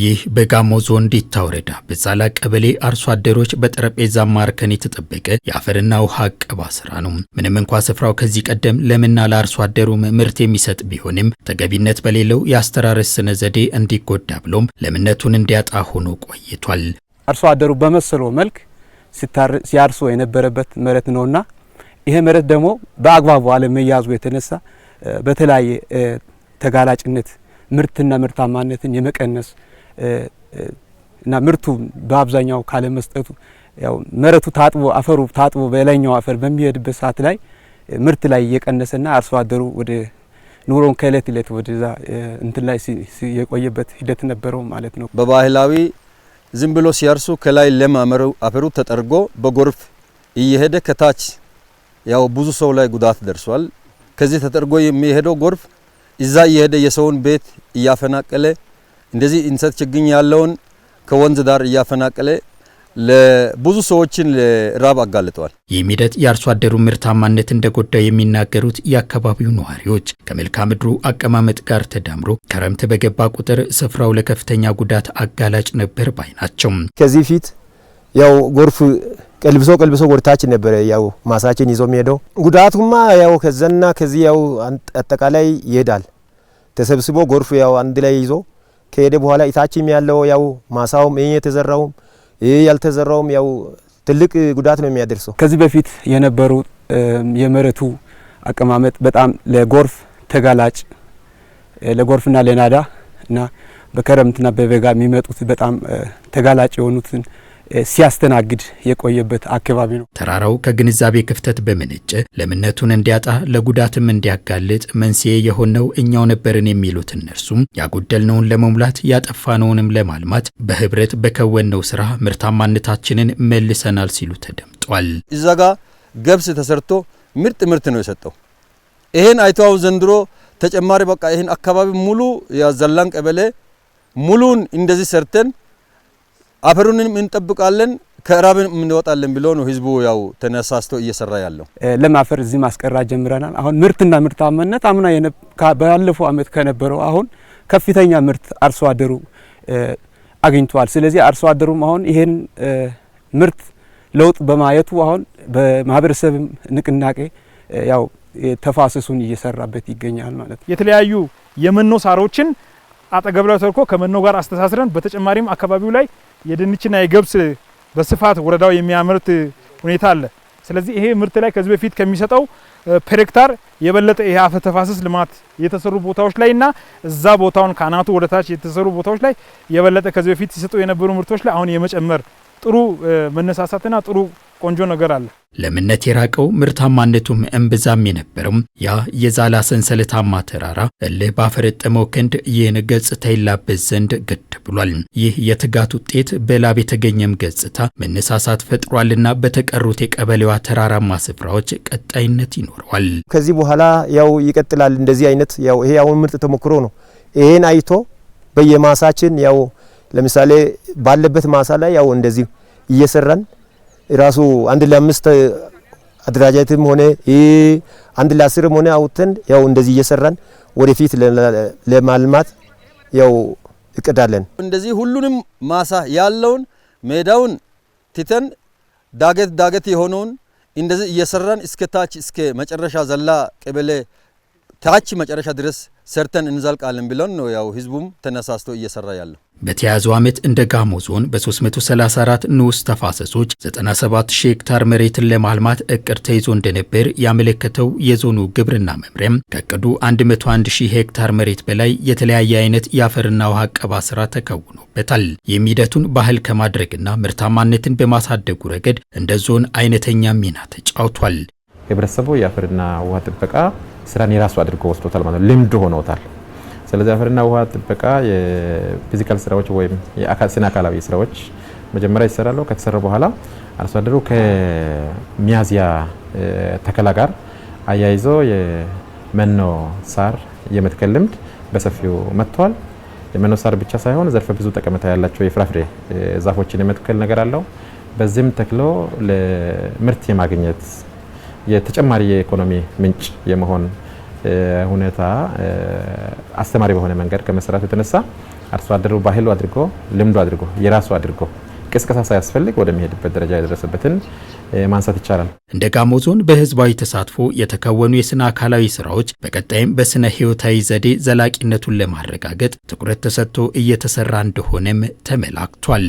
ይህ በጋሞ ዞን ዲታ ወረዳ በዛላ ቀበሌ አርሶ አደሮች በጠረጴዛ ማርከን የተጠበቀ የአፈርና ውሃ አቀባ ስራ ነው። ምንም እንኳ ስፍራው ከዚህ ቀደም ለምና ለአርሶ አደሩ ምርት የሚሰጥ ቢሆንም ተገቢነት በሌለው የአስተራረስ ስነ ዘዴ እንዲጎዳ ብሎም ለምነቱን እንዲያጣ ሆኖ ቆይቷል። አርሶ አደሩ በመሰለው መልክ ሲያርሶ የነበረበት መሬት ነውና ይሄ መሬት ደግሞ በአግባቡ አለመያዙ የተነሳ በተለያየ ተጋላጭነት ምርትና ምርታማነትን የመቀነስ እና ምርቱ በአብዛኛው ካለመስጠቱ ያው መሬቱ ታጥቦ አፈሩ ታጥቦ በላይኛው አፈር በሚሄድበት ሰዓት ላይ ምርት ላይ እየቀነሰና አርሶ አደሩ ወደ ኑሮውን ከእለት እለት ወደዛ እንትን ላይ የቆየበት ሂደት ነበረው ማለት ነው። በባህላዊ ዝም ብሎ ሲያርሱ ከላይ ለም አፈሩ ተጠርጎ በጎርፍ እየሄደ ከታች ያው ብዙ ሰው ላይ ጉዳት ደርሷል። ከዚህ ተጠርጎ የሚሄደው ጎርፍ እዛ እየሄደ የሰውን ቤት እያፈናቀለ እንደዚህ እንሰት ችግኝ ያለውን ከወንዝ ዳር እያፈናቀለ ለብዙ ሰዎችን ራብ አጋልጠዋል። ይህ ሂደት የአርሶ አደሩ ምርታማነት እንደጎዳው የሚናገሩት የአካባቢው ነዋሪዎች ከመልክዓ ምድሩ አቀማመጥ ጋር ተዳምሮ ክረምት በገባ ቁጥር ስፍራው ለከፍተኛ ጉዳት አጋላጭ ነበር ባይ ናቸው። ከዚህ ፊት ያው ጎርፍ ቀልብሶ ቀልብሶ ወደታች ነበረ ያው ማሳችን ይዞ የሚሄደው ጉዳቱማ ያው ከዘና ከዚህ ያው አጠቃላይ ይሄዳል ተሰብስቦ ጎርፍ ያው አንድ ላይ ይዞ ከሄደ በኋላ እታችም ያለው ያው ማሳውም ይህ የተዘራውም ይህ ያልተዘራውም ያው ትልቅ ጉዳት ነው የሚያደርሰው። ከዚህ በፊት የነበሩ የመሬቱ አቀማመጥ በጣም ለጎርፍ ተጋላጭ ለጎርፍና ለናዳ እና በክረምትና በበጋ የሚመጡት በጣም ተጋላጭ የሆኑትን ሲያስተናግድ የቆየበት አካባቢ ነው። ተራራው ከግንዛቤ ክፍተት በመነጨ ለምነቱን እንዲያጣ ለጉዳትም እንዲያጋልጥ መንስኤ የሆነው እኛው ነበርን የሚሉት እነርሱም ያጎደልነውን ለመሙላት ያጠፋነውንም ለማልማት በህብረት በከወነው ስራ ምርታማነታችንን መልሰናል ሲሉ ተደምጧል። እዛ ጋ ገብስ ተሰርቶ ምርጥ ምርት ነው የሰጠው። ይሄን አይተው ዘንድሮ ተጨማሪ በቃ ይህን አካባቢ ሙሉ ያዘላን ቀበሌ ሙሉን እንደዚህ ሰርተን አፈሩንም እንጠብቃለን ከራብን እንወጣለን ብሎ ነው ህዝቡ ያው ተነሳስቶ እየሰራ ያለው። ለም አፈር እዚህ ማስቀራት ጀምረናል። አሁን ምርትና ምርታማነት አምና ባለፈው አመት ከነበረው አሁን ከፍተኛ ምርት አርሶ አደሩ አግኝቷል። ስለዚህ አርሶ አደሩም አሁን ይሄን ምርት ለውጥ በማየቱ አሁን በማህበረሰብ ንቅናቄ ያው ተፋሰሱን እየሰራበት ይገኛል ማለት ነው። የተለያዩ የመኖ ሳሮችን አጠገብ ላይ ተርኮ ከመኖ ጋር አስተሳስረን በተጨማሪም አካባቢው ላይ የድንችና የገብስ በስፋት ወረዳው የሚያመርት ሁኔታ አለ። ስለዚህ ይሄ ምርት ላይ ከዚህ በፊት ከሚሰጠው ፐሬክታር የበለጠ ይሄ አፈ ተፋሰስ ልማት የተሰሩ ቦታዎች ላይ እና እዛ ቦታውን ከአናቱ ወደ ታች የተሰሩ ቦታዎች ላይ የበለጠ ከዚህ በፊት ሲሰጡ የነበሩ ምርቶች ላይ አሁን የመጨመር ጥሩ መነሳሳትና ጥሩ ቆንጆ ነገር አለ። ለምነት የራቀው ምርታማነቱም እምብዛም የነበረውም ያ የዛላ ሰንሰለታማ ተራራ እልህ ባፈረጠመው ክንድ ይህን ገጽታ ይላበት ዘንድ ግድ ብሏል። ይህ የትጋት ውጤት በላብ የተገኘም ገጽታ መነሳሳት ፈጥሯልና በተቀሩት የቀበሌዋ ተራራማ ስፍራዎች ቀጣይነት ይኖረዋል። ከዚህ በኋላ ያው ይቀጥላል። እንደዚህ አይነት ያው ይሄ አሁን ምርጥ ተሞክሮ ነው። ይሄን አይቶ በየማሳችን ያው ለምሳሌ ባለበት ማሳ ላይ ያው እንደዚህ እየሰራን ራሱ አንድ ለአምስት አደራጃጀትም ሆነ አንድ ለአስርም ሆነ አውጥተን ያው እንደዚህ እየሰራን ወደፊት ለማልማት ያው እቅዳለን። እንደዚህ ሁሉንም ማሳ ያለውን ሜዳውን ትተን ዳገት ዳገት የሆነውን እንደዚህ እየሰራን እስከ ታች እስከ መጨረሻ ዘላ ቀበሌ ታች መጨረሻ ድረስ ሰርተን እንዘልቃለን ብለን ነው ያው ህዝቡም ተነሳስቶ እየሰራ ያለው። በተያያዘው ዓመት እንደ ጋሞ ዞን በ334 ንዑስ ተፋሰሶች 97 ሺህ ሄክታር መሬትን ለማልማት እቅድ ተይዞ እንደነበር ያመለከተው የዞኑ ግብርና መምሪያም ከእቅዱ 101 ሺህ ሄክታር መሬት በላይ የተለያየ አይነት የአፈርና ውሃ አቀባ ስራ ተከውኖበታል። ይህም ሂደቱን ባህል ከማድረግና ምርታማነትን በማሳደጉ ረገድ እንደ ዞን አይነተኛ ሚና ተጫውቷል። ህብረተሰቡ የአፈርና ውሃ ጥበቃ ስራን የራሱ አድርጎ ወስዶታል ማለት ልምድ ሆኖታል። ስለዚህ አፈርና ውሃ ጥበቃ የፊዚካል ስራዎች ወይም ስነ አካላዊ ስራዎች መጀመሪያ ይሰራሉ። ከተሰራ በኋላ አርሶ አደሩ ከሚያዝያ ተከላ ጋር አያይዞ የመኖ ሳር የመትከል ልምድ በሰፊው መጥቷል። የመኖ ሳር ብቻ ሳይሆን ዘርፈ ብዙ ጠቀሜታ ያላቸው የፍራፍሬ ዛፎችን የመትከል ነገር አለው። በዚህም ተክሎ ለምርት የማግኘት የተጨማሪ የኢኮኖሚ ምንጭ የመሆን ሁኔታ አስተማሪ በሆነ መንገድ ከመሰራት የተነሳ አርሶ አደሩ ባህሉ አድርጎ ልምዱ አድርጎ የራሱ አድርጎ ቅስቀሳ ሳያስፈልግ ወደሚሄድበት ደረጃ የደረሰበትን ማንሳት ይቻላል። እንደ ጋሞ ዞን በህዝባዊ ተሳትፎ የተከወኑ የስነ አካላዊ ስራዎች በቀጣይም በስነ ህይወታዊ ዘዴ ዘላቂነቱን ለማረጋገጥ ትኩረት ተሰጥቶ እየተሰራ እንደሆነም ተመላክቷል።